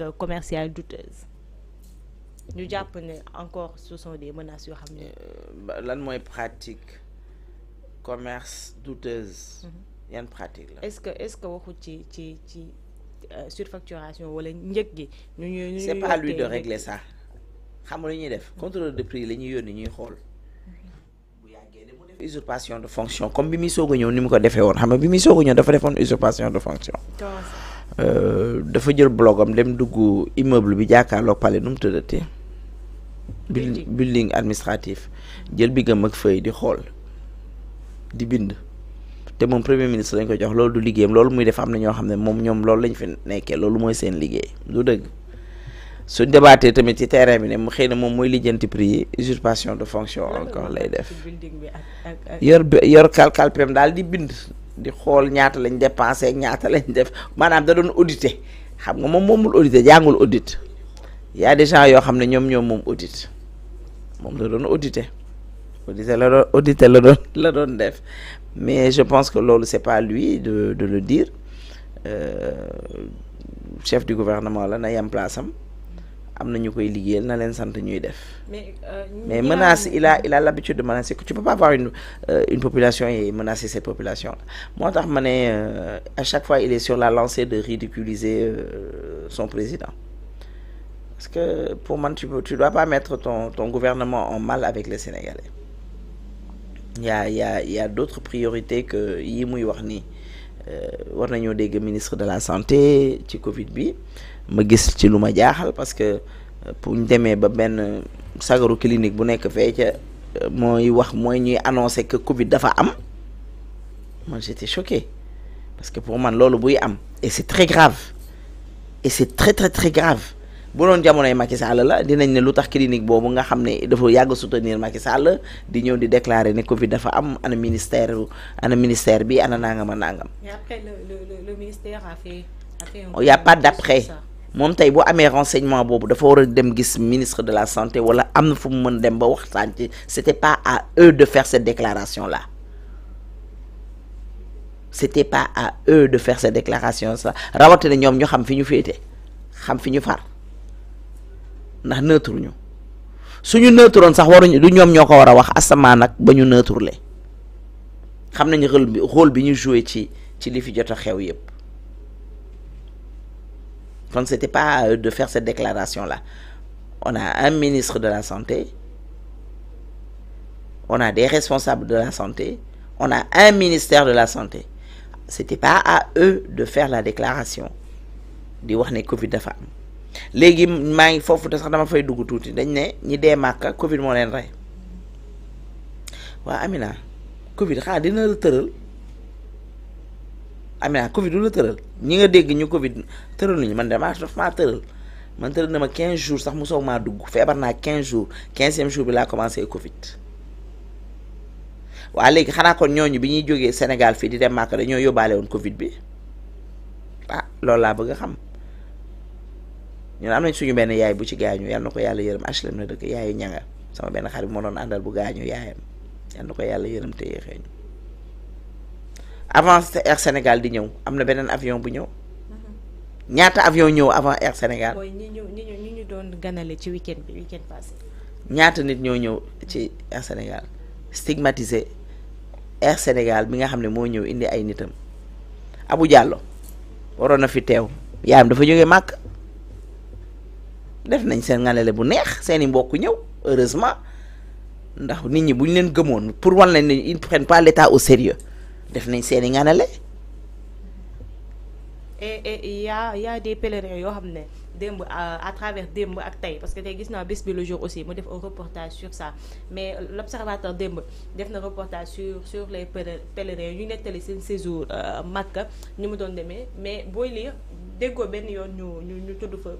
Euh, commerciales douteuses ñu japonais encore ce sont des menaces sur la ne. Euh, bah, lan pratique commerce douteuse. Mm-hmm. pratique est-ce que est-ce que vous ci ci facturation euh, surfacturation wala njëg ñu ñu c'est pas lui de régler ça xam nga def mm-hmm. contrôle de prix les ñuy ñuy xol. Mm-hmm. usurpation de fonction comme bi muy soog a ni mu ko defee woon xam nga bi dafa usurpation de fonction. Euh, dafa jël blogam dem dugg immeuble bi jàkkaarloo palais nu mu tëddatee. building building administratif jël bi gëm ak feuille di xool di bind. te moom premier ministre lañ ko jox loolu du liggéeyam loolu muy def am na ñoo xam ne moom ñoom loolu lañ fi nekkee loolu mooy seen liggéey du dëgg suñ débattee tamit ci terrain bi ne mu xëy na moom mooy lijjanti prix yi usurpation de fonction encore lay def yor yor kalkalpem daal di bind di xol ñaata lañ dépensé ak ñaata lañ def manam da doon audité xam nga mom momul audité jangul audit y a des gens yoo xam ne ñoom mom moom audit moom da doon audité audité la doon audité la doon la doon def mais je pense que lolu c'est pas lui de de le dire euh, chef du gouvernement la na yem place am mais euh, menace il a il a l'habitude de menacer que tu peux pas avoir une euh, une population et menacer cette population Moi, euh, à chaque fois il est sur la lancée de ridiculiser son président parce que pour moi, tu tu dois pas mettre ton ton gouvernement en mal avec les Sénégalais il y a il y a d'autres priorités que yi euh, war nañoo dégg ministre de la santé ci Covid bi ma gis ci lu ma jaaxal parce que euh, pour ñu demee ba benn sagaru clinique bu nekk fee ca euh, mooy wax mooy ñuy annoncer que Covid dafa am man j'étais choqué parce que pour man loolu buy am et c'est très grave et c'est très très très grave bu doon jamonoy Macky Sall la dinañ ne lutax clinique bobu nga xamné dafa yàgg soutenir Macky Sall di ñëw di déclarer né Covid dafa am ana ministère ana ministère bi ana nangam a nangam. mais le le le ministère a fait a fait un. Oh, y a pas d'après. mom tay bu amé renseignement bobu dafa wara dem gis ministre de la santé wala am na fu mu mën dem ba waxtaan ci c'était pas à eux de faire cette déclaration là. c'était pas à eux de faire cette déclaration ça rawaté ñom ñu xam fi ñu fété xam fi ñu far ndax neutre ñu suñu neutroon sax waruñu du ñom ñoko wara wax asama nak bañu ñu neutrele xam nañu rôle bi rôle bi ñu jouer ci ci li fi jotta xew kon c'était pas de faire cette déclaration là on a un ministre de la santé on a des responsables de la santé on a un ministère de la santé c'était pas à eux de faire la déclaration di wax ne Covid dafa léegi maa ngi foofu te sax dama fay dugg tuuti dañ ne ñi dee màkk Covid moo leen rey waa Amina Covid xanaa dina la tëral Amina Covid du la tëral ñi nga dégg ñu Covid tëraluñu man damaa daf maa tëral man tëral na ma 15 jours sax mu mosoo maa dugg feebar naa 15 jours 15e jour bi laa commencé Covid waa léegi xanaa kon ñooñu bi ñuy jógee Sénégal fii di dem màkk dañoo yóbbaale woon Covid bi ah loolu laa bëgg a xam. ñun am nañ suñu benn yaay bu ci gaañu yàlla na ko yàlla yërëm HLM la dëkk yaayu ñanga sama benn xarit moo doon àndal bu gaañu yaayam yàlla na ko yàlla yërëm te yéexee ñu avant Air Sénégal di ñëw am na beneen avion bu ñëw mhm. ñaata avion ñëw avant Air Sénégal. mooy ñu ñi doon ganale ci weekend bi weekend passé. ñaata nit ñoo ñëw ci Air Sénégal stigmatisé Air Sénégal bi nga xam ne moo ñëw indi ay nitam abu Diallo waroon na fi teew yaayam dafa jógee màkk. def nañ seen ngalale bu neex seen i mbokk ñëw heureusement ndax nit ñi bu ñu leen gëmoon pour wan leen ne ils prennent pas l'état au sérieux def nañ seen i ngalale. et et y a y a des pèlerins yoo xam ne démb à travers démb ak tey parce que tey gis naa bés bi le jour aussi mu def un reportage sur ça mais l'observateur démb def na reportage sur sur les pèlerins ñu nettali seen séjour euh, Makka ñu mu doon demee mais booy lire déggoo benn yoon ñu ñu ñu tudd fa.